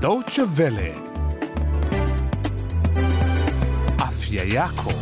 Deutsche Welle, afya yako.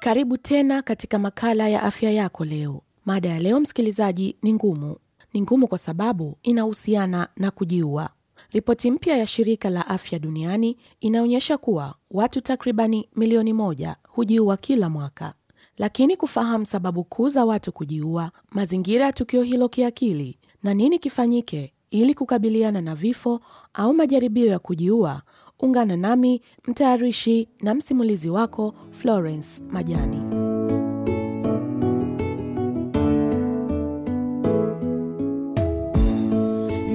Karibu tena katika makala ya afya yako leo. Mada ya leo, msikilizaji, ni ngumu. Ni ngumu kwa sababu inahusiana na kujiua. Ripoti mpya ya shirika la afya duniani inaonyesha kuwa watu takribani milioni moja hujiua kila mwaka. Lakini kufahamu sababu kuu za watu kujiua, mazingira ya tukio hilo kiakili na nini kifanyike ili kukabiliana na vifo au majaribio ya kujiua, ungana nami mtayarishi na msimulizi wako Florence Majani.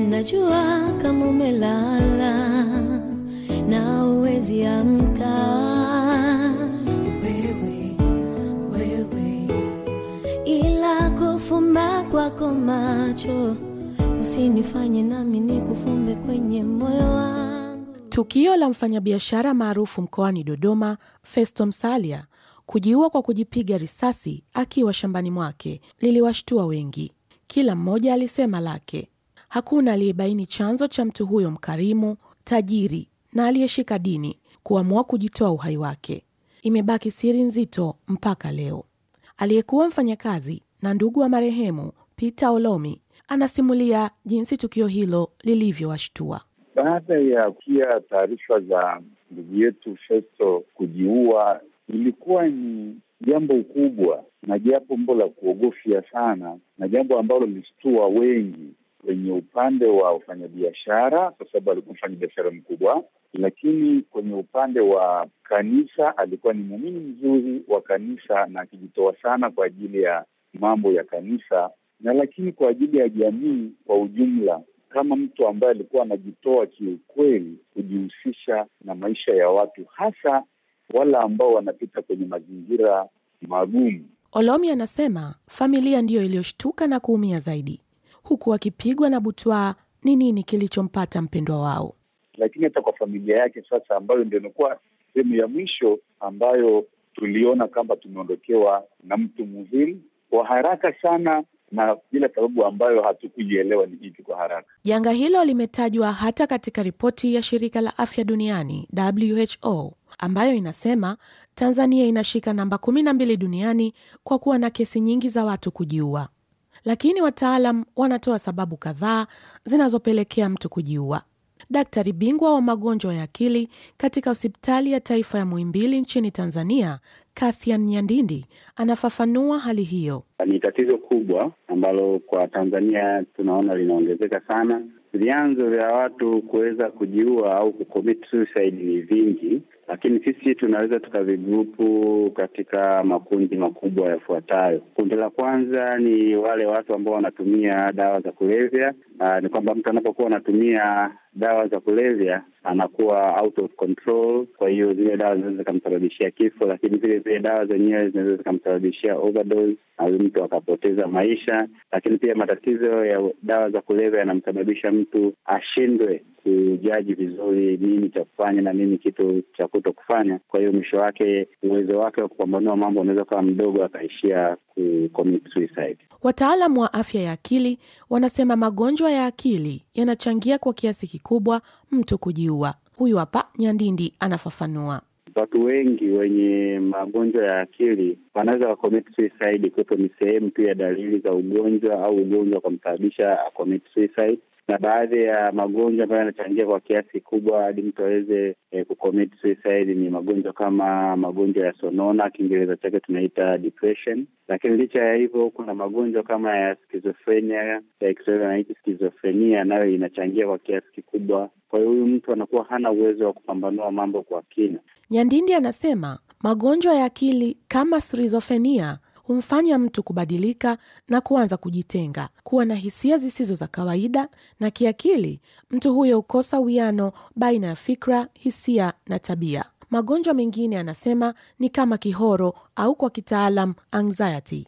Najua kama umelala na uwezi amka, ila kufumba kwako macho usinifanye nami nikufumbe kwenye moyo wangu. Tukio la mfanyabiashara maarufu mkoani Dodoma, Festo Msalia, kujiua kwa kujipiga risasi akiwa shambani mwake liliwashtua wengi. Kila mmoja alisema lake. Hakuna aliyebaini chanzo cha mtu huyo mkarimu, tajiri na aliyeshika dini kuamua kujitoa uhai wake. Imebaki siri nzito mpaka leo. Aliyekuwa mfanyakazi na ndugu wa marehemu Peter Olomi anasimulia jinsi tukio hilo lilivyowashtua. Baada ya kusikia taarifa za ndugu yetu Festo kujiua, ilikuwa ni jambo kubwa na jambo la kuogofya sana, na jambo ambalo lilishtua wengi kwenye upande wa ufanyabiashara, kwa sababu alikuwa mfanyabiashara mkubwa, lakini kwenye upande wa kanisa, alikuwa ni muumini mzuri wa kanisa na akijitoa sana kwa ajili ya mambo ya kanisa na lakini kwa ajili ya jamii kwa ujumla kama mtu ambaye alikuwa anajitoa kiukweli kujihusisha na maisha ya watu, hasa wala ambao wanapita kwenye mazingira magumu. Olomi anasema familia ndiyo iliyoshtuka na kuumia zaidi, huku wakipigwa na butwaa ni nini kilichompata mpendwa wao. Lakini hata kwa familia yake sasa, ambayo ndio imekuwa sehemu ya mwisho ambayo tuliona kwamba tumeondokewa na mtu muhimu, kwa haraka sana na ile sababu ambayo hatukuielewa ni ipi kwa haraka. Janga hilo limetajwa hata katika ripoti ya shirika la afya duniani WHO ambayo inasema Tanzania inashika namba kumi na mbili duniani kwa kuwa na kesi nyingi za watu kujiua, lakini wataalam wanatoa sababu kadhaa zinazopelekea mtu kujiua. Daktari bingwa wa magonjwa ya akili katika hospitali ya taifa ya Muhimbili nchini Tanzania, Kasian Nyandindi anafafanua hali hiyo. Ni tatizo kubwa ambalo kwa Tanzania tunaona linaongezeka sana, vyanzo vya watu kuweza kujiua au kukomiti suicide ni vingi, lakini sisi tunaweza tukavigrupu katika makundi makubwa yafuatayo. Kundi la kwanza ni wale watu ambao wanatumia dawa za kulevya. Aa, ni kwamba mtu anapokuwa anatumia dawa za kulevya anakuwa out of control, kwa hiyo zile dawa zinaweza zikamsababishia kifo, lakini vile vile dawa zenyewe zinaweza zikamsababishia overdose na huyu mtu akapoteza maisha. Lakini pia matatizo ya dawa za kulevya yanamsababisha mtu ashindwe kujaji vizuri nini cha kufanya na nini kitu cha kuto kufanya. Kwa hiyo mwisho wake uwezo wake wa kupambanua mambo unaweza kuwa mdogo, akaishia kucommit suicide. Wataalamu wa afya ya akili wanasema magonjwa ya akili yanachangia kwa kiasi kikubwa mtu kujiua. Huyu hapa Nyandindi anafafanua. Watu wengi wenye magonjwa ya akili wanaweza wacommit suicide, ni sehemu tu ya dalili za ugonjwa au ugonjwa ukamsababisha acommit suicide na baadhi ya magonjwa ambayo yanachangia kwa kiasi kikubwa hadi mtu aweze eh, kucommit suicide ni magonjwa kama magonjwa ya sonona, Kiingereza chake tunaita depression. Lakini licha ya hivyo, kuna magonjwa kama ya skizofrenia, ya Kiswahili wanaita skizofrenia, nayo inachangia kwa kiasi kikubwa. Kwa hiyo huyu mtu anakuwa hana uwezo wa kupambanua mambo kwa kina. Nyandindi anasema magonjwa ya akili kama skizofrenia humfanya mtu kubadilika na kuanza kujitenga, kuwa na hisia zisizo za kawaida, na kiakili mtu huyo hukosa uwiano baina ya fikra, hisia na tabia. Magonjwa mengine anasema ni kama kihoro au kwa kitaalam anxiety.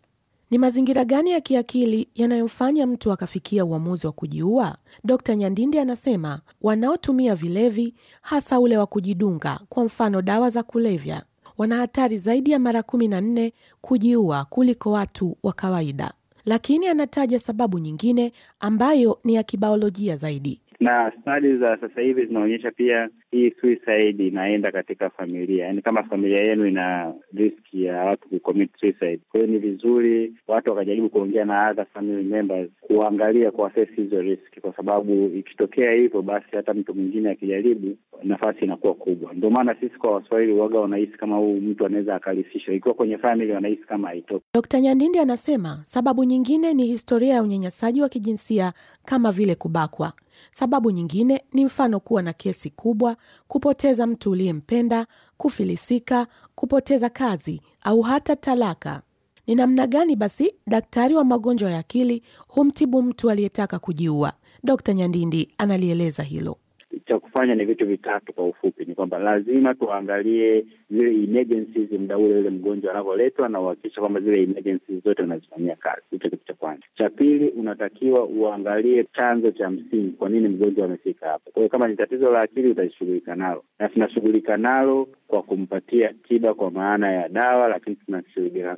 Ni mazingira gani ya kiakili yanayofanya mtu akafikia uamuzi wa kujiua? d Nyandindi anasema wanaotumia vilevi, hasa ule wa kujidunga, kwa mfano dawa za kulevya wana hatari zaidi ya mara 14 kujiua kuliko watu wa kawaida, lakini anataja sababu nyingine ambayo ni ya kibaolojia zaidi na stadi za sasa hivi zinaonyesha pia hii suicide inaenda katika familia, yaani kama familia yenu ina riski ya watu kucommit suicide. Kwa hiyo ni vizuri watu wakajaribu kuongea na other family members, kuangalia kuassess hizo riski, kwa sababu ikitokea hivyo, basi hata mtu mwingine akijaribu, nafasi inakuwa kubwa. Ndio maana sisi kwa Waswahili waga wanahisi kama huu mtu anaweza akarifishwa, ikiwa kwenye family wanahisi kama haitoki. Dkt. Nyandindi anasema sababu nyingine ni historia ya unyanyasaji wa kijinsia kama vile kubakwa. Sababu nyingine ni mfano kuwa na kesi kubwa, kupoteza mtu uliyempenda, kufilisika, kupoteza kazi au hata talaka. Ni namna gani basi daktari wa magonjwa ya akili humtibu mtu aliyetaka kujiua? Dkt Nyandindi analieleza hilo kufanya ni vitu vitatu kwa ufupi. Ni kwamba lazima tuangalie zile emergencies muda ule ule mgonjwa anavyoletwa, na uhakikisha kwamba zile emergencies zote unazifanyia kazi. Hicho kitu cha kwanza. Cha pili, unatakiwa uangalie chanzo cha msingi, kwa nini mgonjwa amefika hapo. Kwa hiyo kama ni tatizo la akili, utashughulika nalo, na tunashughulika nalo kwa kumpatia tiba kwa maana ya dawa, lakini tunashughulika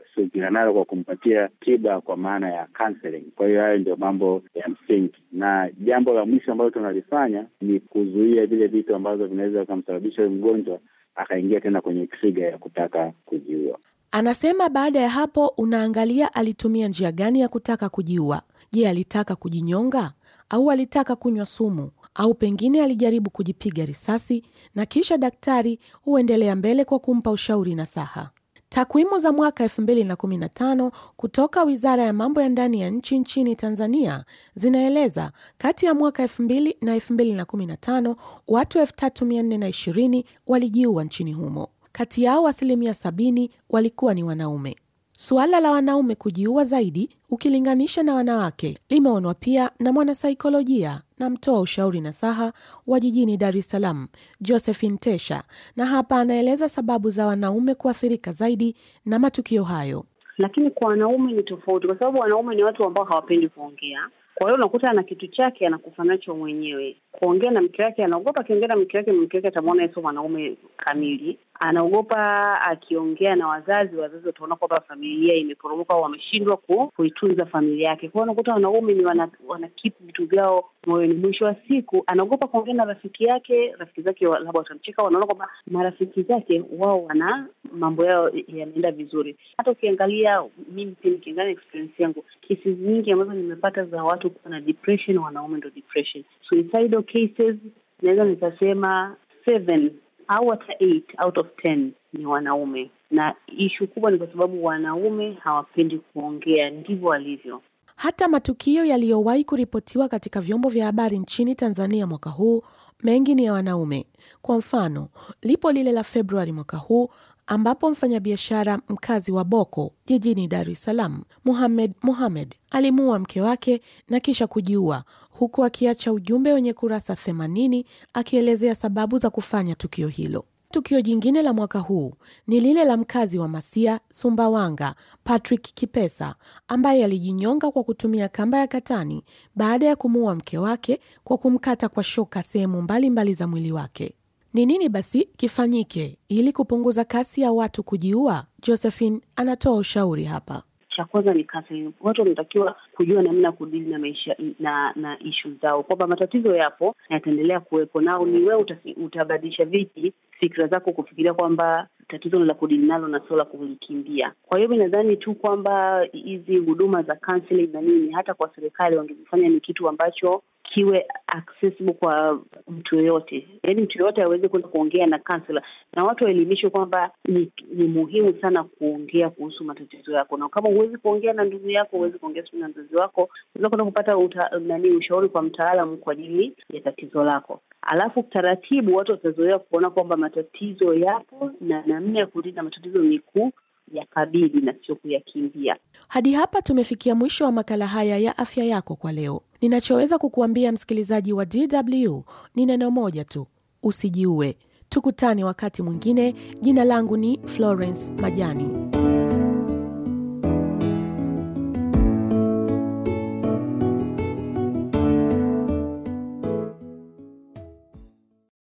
nalo kwa kumpatia tiba kwa maana ya counseling. Kwa hiyo hayo ndio mambo ya msingi, na jambo la mwisho ambalo tunalifanya ni kuzuia vile vitu ambazo vinaweza vikamsababisha huyu mgonjwa akaingia tena kwenye triga ya kutaka kujiua. Anasema baada ya hapo unaangalia alitumia njia gani ya kutaka kujiua. Je, alitaka kujinyonga au alitaka kunywa sumu au pengine alijaribu kujipiga risasi, na kisha daktari huendelea mbele kwa kumpa ushauri na saha. Takwimu za mwaka 2015 kutoka Wizara ya Mambo ya Ndani ya Nchi nchini Tanzania zinaeleza kati ya mwaka 2000 na 2015 watu 3420 walijiua nchini humo. Kati yao asilimia 70 walikuwa ni wanaume. Suala la wanaume kujiua zaidi ukilinganisha na wanawake limeonwa pia na mwanasaikolojia na mtoa ushauri na saha wa jijini Dar es Salaam Josephine Tesha, na hapa anaeleza sababu za wanaume kuathirika zaidi na matukio hayo. Lakini kwa wanaume ni tofauti, kwa sababu wanaume ni watu ambao hawapendi kuongea. Kwa hiyo unakuta ana kitu chake anakufanacho mwenyewe, kuongea na mke wake. Anaogopa akiongea na mke wake, mke wake atamwona Yesu mwanaume kamili. Anaogopa akiongea na wazazi, wazazi wataona kwamba familia imeporomoka au wameshindwa kuitunza familia yake. Kwao anakuta wanaume ni wana, wanakipu vitu vyao moyoni. Mwisho wa siku anaogopa kuongea na rafiki yake, rafiki zake labda watamcheka. Wanaona kwamba marafiki zake wao wana mambo yao yanaenda vizuri. Hata ukiangalia mimi pia nikiangalia experience yangu, kesi nyingi ambazo nimepata za watu kuwa na depression, wanaume ndo depression suicidal cases naweza nikasema seven au hata eight out of ten ni wanaume, na ishu kubwa ni kwa sababu wanaume hawapendi kuongea, ndivyo walivyo. Hata matukio yaliyowahi kuripotiwa katika vyombo vya habari nchini Tanzania mwaka huu mengi ni ya wanaume. Kwa mfano, lipo lile la Februari mwaka huu ambapo mfanyabiashara mkazi wa Boko jijini Dar es Salaam, Muhamed Muhamed alimuua mke wake na kisha kujiua huku akiacha ujumbe wenye kurasa 80 akielezea sababu za kufanya tukio hilo. Tukio jingine la mwaka huu ni lile la mkazi wa Masia, Sumbawanga, Patrick Kipesa ambaye alijinyonga kwa kutumia kamba ya katani baada ya kumuua mke wake kwa kumkata kwa shoka sehemu mbalimbali za mwili wake. Ni nini basi kifanyike ili kupunguza kasi ya watu kujiua? Josephine anatoa ushauri hapa. Cha kwanza ni kasi. Watu wanatakiwa kujua namna ya kudili na maisha na na ishu zao, kwamba matatizo yapo na yataendelea kuwepo, nao ni wewe utabadilisha vipi fikira zako kufikiria kwamba tatizo la kudili nalo na sio la kulikimbia. Kwa hiyo mi nadhani tu kwamba hizi huduma za counseling na nini, hata kwa serikali wangezifanya ni kitu ambacho kiwe accessible kwa mtu yoyote, yaani mtu yoyote aweze kwenda kuongea na kansela, na watu waelimishwe kwamba ni, ni muhimu sana kuongea kuhusu matatizo yako, na kama huwezi kuongea na ndugu yako, huwezi kuongea sijui na mzazi wako, unaweza kwenda kupata uta, nani ushauri kwa mtaalamu kwa ajili ya tatizo lako. Alafu taratibu watu watazoea kuona kwamba matatizo yapo na namna ya kulinda matatizo ni ya kabidi na sio kuyakimbia. Hadi hapa tumefikia mwisho wa makala haya ya afya yako kwa leo. Ninachoweza kukuambia msikilizaji wa DW ni neno moja tu, usijiue. Tukutane wakati mwingine. Jina langu ni Florence Majani.